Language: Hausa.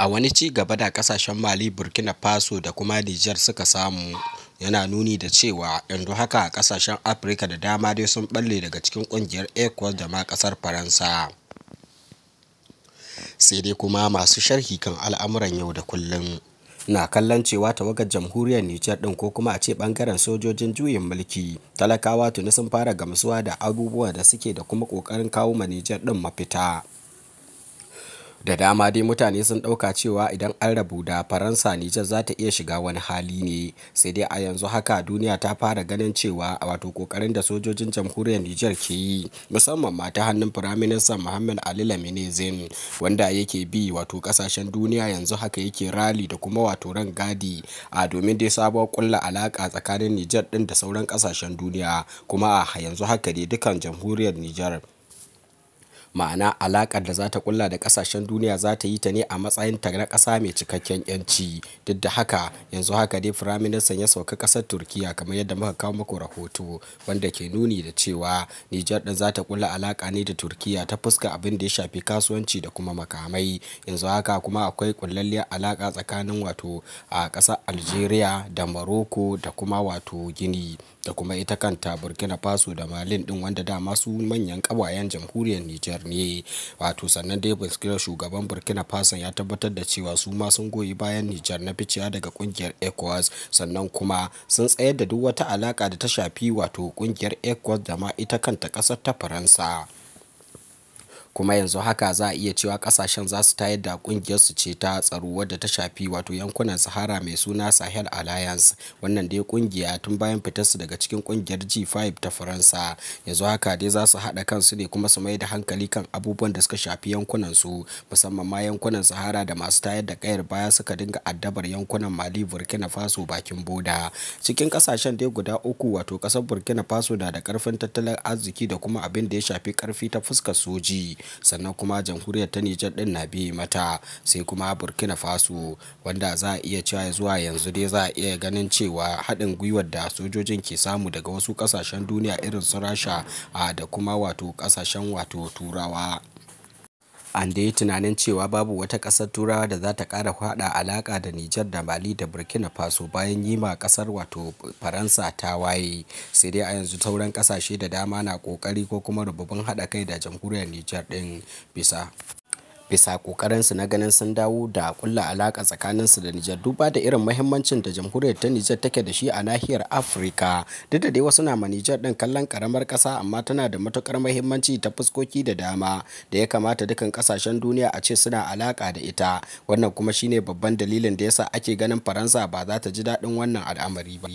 a wani ci gaba da kasashen mali burkina faso da kuma nijar suka samu yana nuni da cewa yanzu haka kasashen afirka da dama dai sun balle daga cikin kungiyar ecuador da ma kasar faransa sai dai kuma masu sharhi kan al'amuran yau da kullum na kallon cewa tawagar jamhuriyar Nijar din ko kuma a ce bangaren sojojin juyin mulki talakawa tuni sun fara gamsuwa da abubuwa da suke da kuma kokarin kawo ma Nijar din mafita da dama dai mutane sun ɗauka cewa idan an rabu da faransa nijar za ta iya shiga wani hali ne sai dai a yanzu haka duniya ta fara ganin cewa a wato kokarin da sojojin jamhuriyar nijar ke yi musamman ma ta hannun firaminista muhammad ali lamine zin wanda yake bi wato kasashen duniya yanzu haka yake rali da kuma wato ran gadi a domin dai sabuwar kulla alaka tsakanin nijar din da sauran kasashen duniya kuma a yanzu haka dai dukan jamhuriyar nijar ma'ana alakar da za ta kulla da kasashen duniya za ta yi ta ne a matsayin ta na ƙasa mai cikakken yanci duk da haka yanzu haka dai firaministan ya sauka ƙasar turkiya kamar yadda muka kawo muku rahoto wanda ke nuni da cewa nijar din za ta kulla alaka ne da turkiya ta fuska abin da ya shafi kasuwanci da kuma makamai yanzu haka kuma akwai kullalliyar alaka tsakanin wato a ƙasar algeria da morocco da kuma wato gini da kuma ita kanta burkina faso da malin din wanda dama su manyan kawayen jamhuriyar niger ne wato sannan dai burkina shugaban burkina faso ya tabbatar da cewa su ma sun goyi bayan niger na ficiya daga kungiyar ecowas sannan kuma sun tsayar da duk wata alaka da ta shafi wato kungiyar ecowas da ma ita kanta kasar ta faransa kuma yanzu haka za a iya cewa kasashen za su tayar da su ce ta tsaro wadda ta shafi wato yankunan sahara mai suna sahel alliance wannan dai kungiya tun bayan fitar su daga cikin kungiyar g5 ta faransa yanzu haka dai za su haɗa kansu ne kuma su mai da hankali kan abubuwan da suka shafi yankunan su musamman ma yankunan sahara da masu tayar da kayar baya suka dinga addabar yankunan mali burkina faso bakin boda cikin kasashen dai guda uku wato kasar burkina faso na da karfin tattalin arziki da kuma abin da ya shafi karfi ta fuskar soji sannan kuma jamhuriyar ta Nijar din na bi mata sai kuma Burkina Faso wanda za a iya cewa zuwa yanzu dai za a iya ganin cewa haɗin gwiwar da sojojin ke samu daga wasu ƙasashen duniya irin su Rasha da kuma wato ƙasashen wato Turawa. an da yi tunanin cewa babu wata ƙasar turawa da za ta ƙara haɗa alaƙa da nijar da mali da burkina faso bayan yi ma ƙasar wato faransa ta waye sai dai a yanzu sauran ƙasashe da dama na ƙoƙari ko kuma rububin haɗa kai da jamhuriyar nijar ɗin bisa bisa kokarinsu na ganin sun dawo da kulla alaka tsakaninsu da Nijar duba da irin mahimmancin da jamhuriyar ta Nijar take da shi a nahiyar Afirka duk da dai wasu na ma Nijar din kallon karamar ƙasa amma tana da matukar mahimmanci ta fuskoki da dama da ya kamata dukan kasashen duniya a ce suna alaka da ita wannan kuma shine babban dalilin da yasa ake ganin Faransa ba za ta ji daɗin wannan al'amari ba